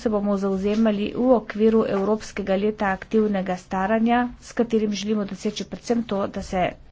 se bomo zauzemali v okviru Evropskega leta aktivnega staranja, s katerim želimo doseči predvsem to, da se